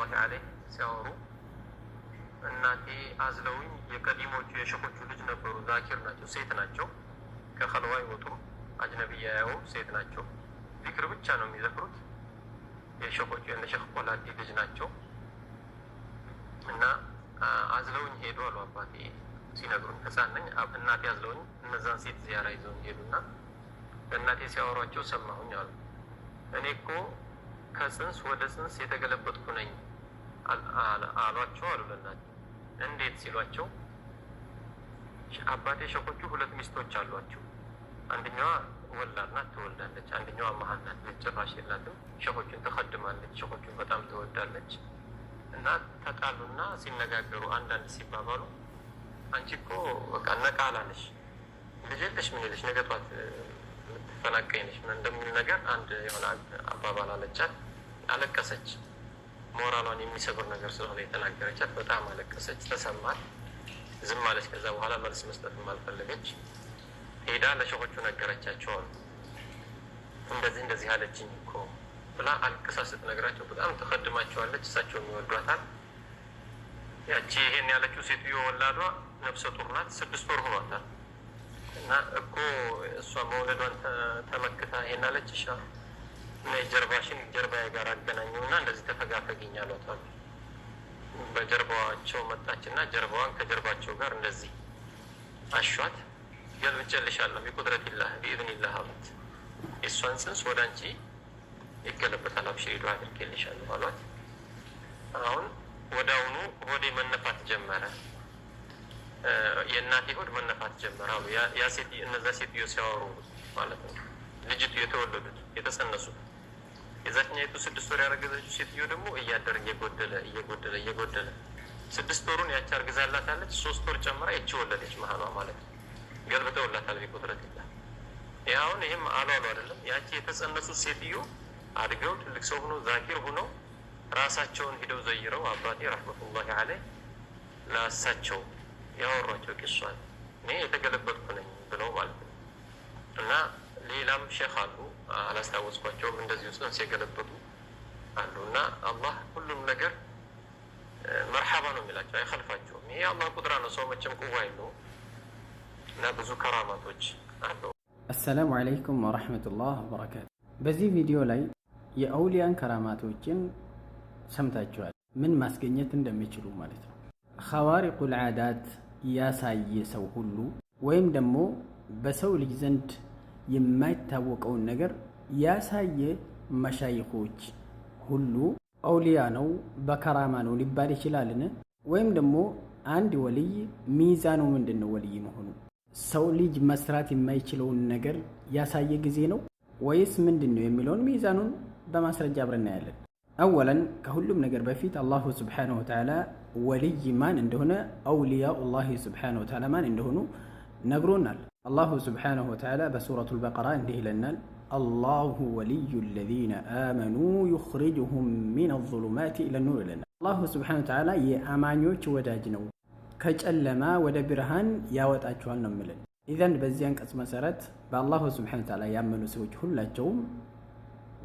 ረሕመቱላሂ አለይህ ሲያወሩ እናቴ አዝለውኝ የቀዲሞቹ የሸኮቹ ልጅ ነበሩ። ዛኪር ናቸው፣ ሴት ናቸው። ከኸልዋ አይወጡም፣ አጅነብያ አያዩም፣ ሴት ናቸው። ዚክር ብቻ ነው የሚዘክሩት። የሸኮቹ የነ ሸክ ቆላዲ ልጅ ናቸው እና አዝለውኝ ሄዱ አሉ አባቴ ሲነግሩኝ። ሕፃን ነኝ። እናቴ አዝለውኝ እነዛን ሴት ዚያራ ይዘው ሄዱና እናቴ ሲያወሯቸው ሰማሁኝ አሉ። እኔ እኮ ከጽንስ ወደ ጽንስ የተገለበጥኩ ነኝ አሏቸው አሉ አሉለናል። እንዴት ሲሏቸው አባቴ ሸኮቹ ሁለት ሚስቶች አሏቸው። አንደኛዋ ወላድ ናት ትወልዳለች። አንደኛዋ መሀል ናት ልጅ ጭራሽ የላትም። ሸኮቹን ትከድማለች። ሸኮቹን በጣም ትወዳለች። እና ተጣሉና ሲነጋገሩ አንዳንድ ሲባባሉ አንቺ እኮ በቃ ነቃላለሽ ልጅ የለሽ ምን የለሽ ነገ ጧት የምትፈናቀኝ ነሽ ምን እንደሚል ነገር አንድ የሆነ አባባል አለቻት። አለቀሰች። ሞራሏን የሚሰብር ነገር ስለሆነ የተናገረቻት በጣም አለቀሰች፣ ተሰማት፣ ዝም አለች። ከዛ በኋላ መልስ መስጠት አልፈለገች። ሄዳ ለሸሆቹ ነገረቻቸውን። እንደዚህ እንደዚህ አለችኝ እኮ ብላ አልቅሳ ስትነግራቸው በጣም ተከድማቸዋለች። እሳቸው ይወዷታል። ያቺ ይሄን ያለችው ሴትዮ ወላዷ ነፍሰ ጡር ናት። ስድስት ወር ሆኗታል እና እኮ እሷ መውለዷን ተመክታ ይሄን አለች። ጀርባሽን ጀርባ ጋር አገናኘውና እንደዚህ ተፈጋፈጊኝ አሏት። በጀርባዋቸው መጣችና ጀርባዋን ከጀርባቸው ጋር እንደዚህ አሿት። ገልብጬልሻለሁ ቢቁድረቲላህ ቢኢዝኒላህ አሉት። የእሷን ጽንስ ወደ አንቺ ይገለበታል፣ አብሽሪ ዱዓ አድርጌልሻለሁ አሏት። አሁን ወደ አሁኑ ሆዴ መነፋት ጀመረ። የእናቴ ሆድ መነፋት ጀመረ አሉ እነዛ ሴትዮ ሲያወሩ ማለት ነው። ልጅቱ የተወለዱት የተጸነሱት የዛችኛይቱ ስድስት ወር ያረገዘችው ሴትዮ ደግሞ እያደር እየጎደለ እየጎደለ እየጎደለ ስድስት ወሩን ያቺ አርግዛላታለች። ሶስት ወር ጨምራ ይቺ ወለደች መሀሏ ማለት ነው። ገልብጠውላታል ቢቆጥረት ይላል። ይህ አሁን ይህም አሉ አይደለም። ያቺ የተጸነሱ ሴትዮ አድገው ትልቅ ሰው ሆኖ ዛኪር ሆኖ ራሳቸውን ሂደው ዘይረው አባቴ ረሕመቱላሂ አለይህ ላሳቸው ያወሯቸው ቂሷን እኔ የተገለበጥኩ ነኝ ብለው ማለት ነው። እና ሌላም ሼክ አሉ አላስታወስኳቸውም። እንደዚህ ውስጥ ነፍስ የገለበጡ አሉ እና አላህ ሁሉም ነገር መርሓባ ነው የሚላቸው አይከልፋቸውም። ይሄ አላህ ቁጥራ ነው። ሰው መቼም ቁዋ የለውም እና ብዙ ከራማቶች አለው። አሰላሙ አለይኩም ወረሕመቱላህ ወበረካቱ። በዚህ ቪዲዮ ላይ የአውሊያን ከራማቶችን ሰምታችኋል፣ ምን ማስገኘት እንደሚችሉ ማለት ነው። ኸዋሪቁል ዓዳት ያሳየ ሰው ሁሉ ወይም ደግሞ በሰው ልጅ ዘንድ የማይታወቀውን ነገር ያሳየ መሻይኮች ሁሉ አውሊያ ነው፣ በከራማ ነው ሊባል ይችላልን? ወይም ደግሞ አንድ ወልይ ሚዛኑ ምንድን ነው? ወልይ መሆኑ ሰው ልጅ መስራት የማይችለውን ነገር ያሳየ ጊዜ ነው ወይስ ምንድን ነው የሚለውን ሚዛኑን በማስረጃ አብረን እናያለን። አወለን ከሁሉም ነገር በፊት አላሁ ስብሓነሁ ወተዓላ ወልይ ማን እንደሆነ ላ ስብሓነሁ ወተዓላ ማን እንደሆኑ ነግሮናል። الله سبحانه وتعالى بسورة البقرة عنده لنا الله ولي الذين آمنوا يخرجهم من الظلمات إلى النور لنا الله سبحانه وتعالى يأمانيو تودا جنو كجألما ودا برهان ياوت أجوان نملن إذن بزيان كاسم سرات بالله سبحانه وتعالى يأمنوا سوج هلا جوم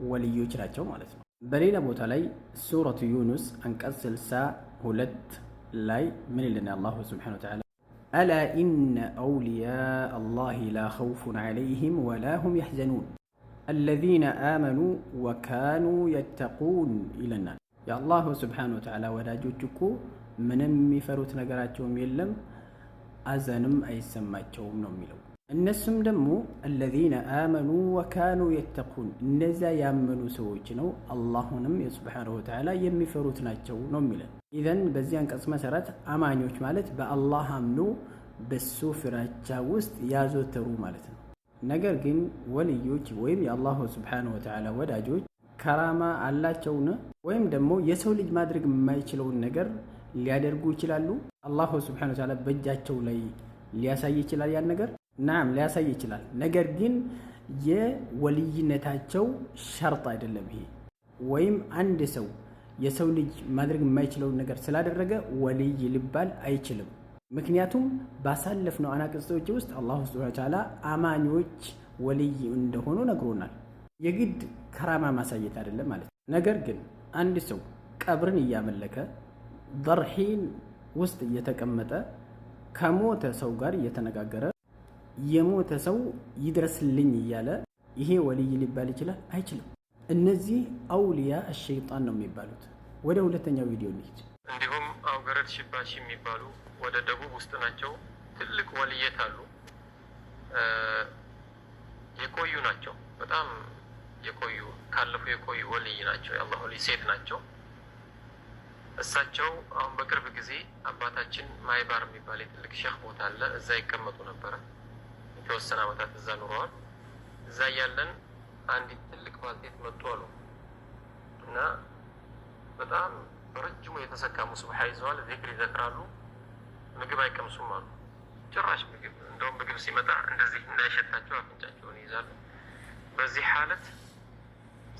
وليو جرا جوم على سبحانه بلين أبو تالي سورة يونس أنك أسلسا هلت لاي من لنا الله سبحانه وتعالى ألا إن أولياء الله لا خوف عليهم ولا هم يحزنون الذين آمنوا وكانوا يتقون إلى النار يا الله سبحانه وتعالى ወዳጆቹ ምንም የሚፈሩት ነገራቸውም የለም አዘንም አይሰማቸውም ነው የሚለው النسم دمو الذين آمنوا وكانوا يتقون እነዚያ ያመኑ ሰዎች ነው አላሁንም የሱብሓነሁ ወተዓላ የሚፈሩት ናቸው ነው ኢዘን በዚህ አንቀጽ መሰረት አማኞች ማለት በአላህ አምኖ በሱ ፍራቻ ውስጥ ያዘወተሩ ማለት ነው። ነገር ግን ወልዮች ወይም የአላሁ ስብሓነሁ ወተዓላ ወዳጆች ከራማ አላቸውን? ወይም ደግሞ የሰው ልጅ ማድረግ የማይችለውን ነገር ሊያደርጉ ይችላሉ። አላሁ ስብሓነሁ ወተዓላ በእጃቸው ላይ ሊያሳይ ይችላል። ያን ነገር ናም ሊያሳይ ይችላል። ነገር ግን የወልይነታቸው ሸርጥ አይደለም። ይሄ ወይም አንድ ሰው የሰው ልጅ ማድረግ የማይችለውን ነገር ስላደረገ ወልይ ሊባል አይችልም። ምክንያቱም ባሳለፍነው አናቅጾች ውስጥ አላሁ ሱብሃነሁ ወተዓላ አማኞች ወልይ እንደሆኑ ነግሮናል። የግድ ከራማ ማሳየት አይደለም ማለት ነው። ነገር ግን አንድ ሰው ቀብርን እያመለከ ደርሒን ውስጥ እየተቀመጠ ከሞተ ሰው ጋር እየተነጋገረ የሞተ ሰው ይድረስልኝ እያለ ይሄ ወልይ ሊባል ይችላል? አይችልም። እነዚህ አውሊያ ሸይጣን ነው የሚባሉት። ወደ ሁለተኛው ቪዲዮ እንሂድ። እንዲሁም አውገረት ሽባሽ የሚባሉ ወደ ደቡብ ውስጥ ናቸው። ትልቅ ወልየት አሉ። የቆዩ ናቸው። በጣም የቆዩ ካለፉ የቆዩ ወልይ ናቸው። የአላህ ወልይ ሴት ናቸው። እሳቸው አሁን በቅርብ ጊዜ አባታችን ማይባር የሚባል የትልቅ ሸህ ቦታ አለ። እዛ ይቀመጡ ነበረ። የተወሰነ አመታት እዛ ኑረዋል። እዛ እያለን አንዲት ትልቅ ባልቴት መጥቶ አሉ እና በጣም በረጅሙ የተሰካሙ ስብሓ ይዘዋል፣ ዚክር ይዘክራሉ፣ ምግብ አይቀምሱም አሉ። ጭራሽ ምግብ እንደውም ምግብ ሲመጣ እንደዚህ እንዳይሸታቸው አፍንጫቸውን ይይዛሉ። በዚህ ሀለት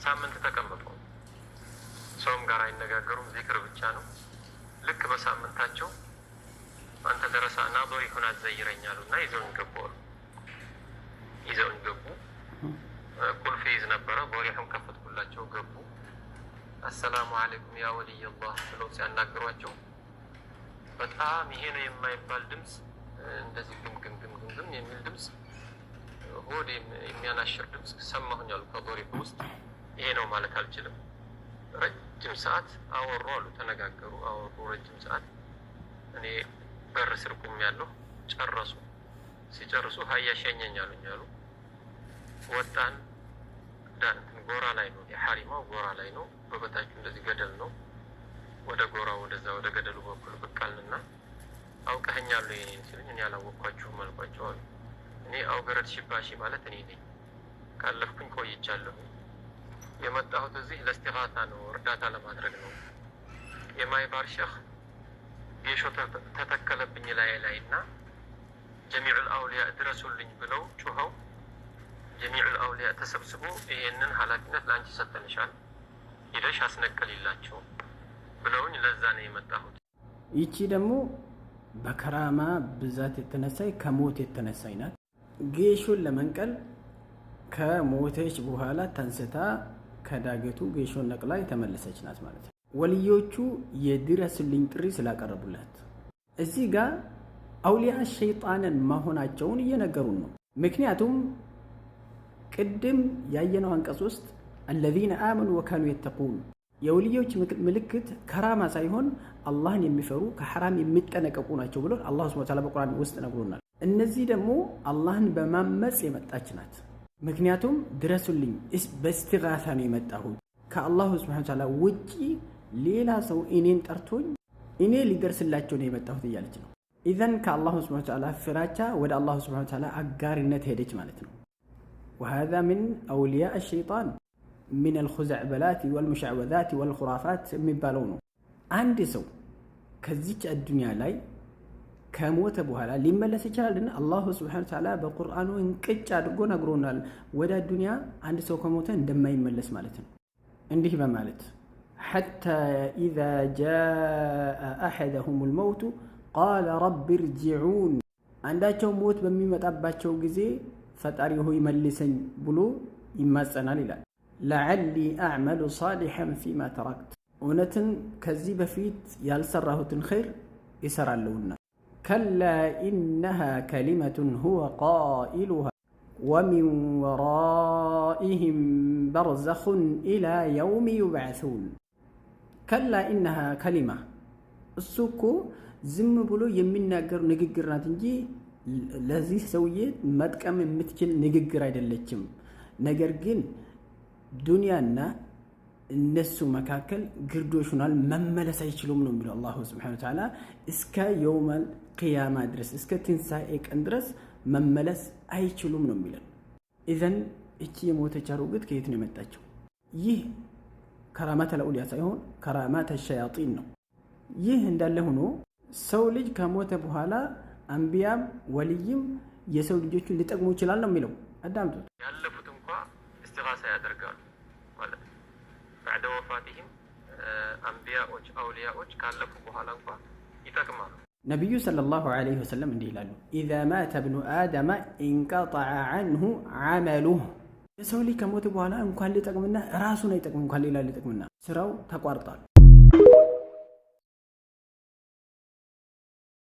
ሳምንት ተቀመጡ። ሰውም ጋር አይነጋገሩም፣ ዚክር ብቻ ነው። ልክ በሳምንታቸው አንተ ደረሳ እና ዶ ይሁን አዘይረኛሉ እና ይዘውን ገቡ አሉ። ይዘውን ገቡ ይዝ ነበረ። በሪያህም ከፈትኩላቸው ገቡ። አሰላሙ አለይኩም ያ ወልይ ብለው ሲያናገሯቸው በጣም ይሄ ነው የማይባል ድምፅ፣ እንደዚህ ግምግም ግምግም የሚል ድምፅ፣ ሆድ የሚያናሽር ድምፅ ሰማሁኝ አሉ። ከዶሪፍ ውስጥ ይሄ ነው ማለት አልችልም። ረጅም ሰዓት አወሩ አሉ። ተነጋገሩ፣ አወሩ ረጅም ሰዓት። እኔ በር ስር ያለሁ ጨረሱ። ሲጨርሱ ሀያ ሸኘኝ አሉኝ አሉ። ወጣን ጎራ ላይ ነው። የሐሪማው ጎራ ላይ ነው። በበታችሁ እንደዚህ ገደል ነው። ወደ ጎራ ወደዛ ወደ ገደሉ በኩል ብቅ አውቀኸኛሉ የኔን ሲሉኝ እኔ አላወቅኳችሁም አልኳቸው አሉ። እኔ አውገረት ሽባሺ ማለት እኔ ነኝ። ካለፍኩኝ ቆይቻለሁ። የመጣሁት እዚህ ለስቲፋታ ነው፣ እርዳታ ለማድረግ ነው። የማይባር ሸህ ጌሾ ተተከለብኝ ላይ ላይ እና ጀሚዑል አውሊያ ድረሱልኝ ብለው ጩኸው ጀሚዑል አውሊያ ተሰብስቦ ይሄንን ኃላፊነት ለአንቺ ሰጠንሻል ሂደሽ አስነቀልላቸው ብለውኝ ለዛ ነው የመጣሁት። ይቺ ደግሞ በከራማ ብዛት የተነሳይ ከሞት የተነሳይ ናት። ጌሾን ለመንቀል ከሞተች በኋላ ተንስታ ከዳገቱ ጌሾን ነቅላ የተመለሰች ናት ማለት ነው። ወልዮቹ የድረስልኝ ጥሪ ስላቀረቡላት እዚህ ጋር አውሊያ ሸይጣንን መሆናቸውን እየነገሩን ነው። ምክንያቱም ቅድም ያየነው አንቀጽ ውስጥ አለዚነ አመኑ ወካኑ የተቁን የውልዮች ምልክት ከራማ ሳይሆን አላህን የሚፈሩ ከሐራም የሚጠነቀቁ ናቸው ብሎ አላህ ሱብሓነሁ ወተዓላ በቁርአን ውስጥ ነግሮናል። እነዚህ ደግሞ አላህን በማመፅ የመጣች ናት። ምክንያቱም ድረሱልኝ በእስትጋሳ ነው የመጣሁት ከአላሁ ሱብሓነሁ ወተዓላ ውጪ ሌላ ሰው እኔን ጠርቶኝ እኔ ሊደርስላቸው ነው የመጣሁት እያለች ነው። ኢዘን ከአላሁ ሱብሓነሁ ወተዓላ ፍራቻ ወደ አላሁ ሱብሓነሁ ወተዓላ አጋሪነት ሄደች ማለት ነው። وهذا من أولياء الشيطان من الخزعبلات والمشعوذات والخرافات የሚባለው ነው። አንድ ሰው ከዚች አዱንያ ላይ ከሞተ በኋላ ሊመለስ ይችላል እና አላሁ ስብሐነሁ ወተዓላ በቁርአኑ እንቅጭ አድርጎ ነግሮናል። ወደ አዱንያ አንድ ሰው ከሞተ እንደማይመለስ ማለት ነው። እንዲህ በማለት ሐታ ኢዛ ጃአ አሐደሁሙል መውቱ ቃለ ረቢ ርጂዑን አንዳቸው ሞት በሚመጣባቸው ጊዜ ፈጣሪ ሆይ መልሰኝ ብሎ ይማጸናል ይላል። ለዓሊ አዕመሉ ሳሊሐን ፊማ ተራክት እውነትን ከዚህ በፊት ያልሰራሁትን ኸይር ይሰራለሁና። ከላ ኢነሃ ከሊመቱን ሁወ ቃኢሉሃ ወሚን ወራኢህም በርዘኹን ኢላ የውሚ ዩብዓሱን። ከላ ኢነሃ ከሊማ እሱ እኮ ዝም ብሎ የሚናገር ንግግር ናት እንጂ ለዚህ ሰውዬ መጥቀም የምትችል ንግግር አይደለችም። ነገር ግን ዱንያና እነሱ መካከል ግርዶሽ ሆኗል። መመለስ አይችሉም ነው የሚለው አላሁ ስብሐነሁ ወተዓላ። እስከ የውመል ቅያማ ድረስ እስከ ትንሣኤ ቀን ድረስ መመለስ አይችሉም ነው የሚለው። ኢዘን እቺ የሞተች አሮጊት ከየት ነው የመጣቸው? ይህ ከራማተ ለኡልያ ሳይሆን ከራማተ ሸያጢን ነው። ይህ እንዳለ ሆኖ ሰው ልጅ ከሞተ በኋላ አንቢያም ወልይም የሰው ልጆቹን ሊጠቅሙ ይችላል ነው የሚለው። አዳምጡት። ያለፉት እንኳ እስቲኻሳ ያደርጋሉ ማለት ነው። ባዕደ አንቢያዎች፣ አውሊያዎች ካለፉ በኋላ እንኳ ይጠቅማሉ። ነቢዩ ሰለላሁ ዐለይሂ ወሰለም እንዲህ ይላሉ፣ ኢዛ ማተ ብኑ አደማ ኢንቀጠዐ አንሁ ዐመሉህ። የሰው ልጅ ከሞት በኋላ እንኳን ሊጠቅምና ራሱን አይጠቅም እንኳን ሌላ ሊጠቅምና ስራው ተቋርጧል።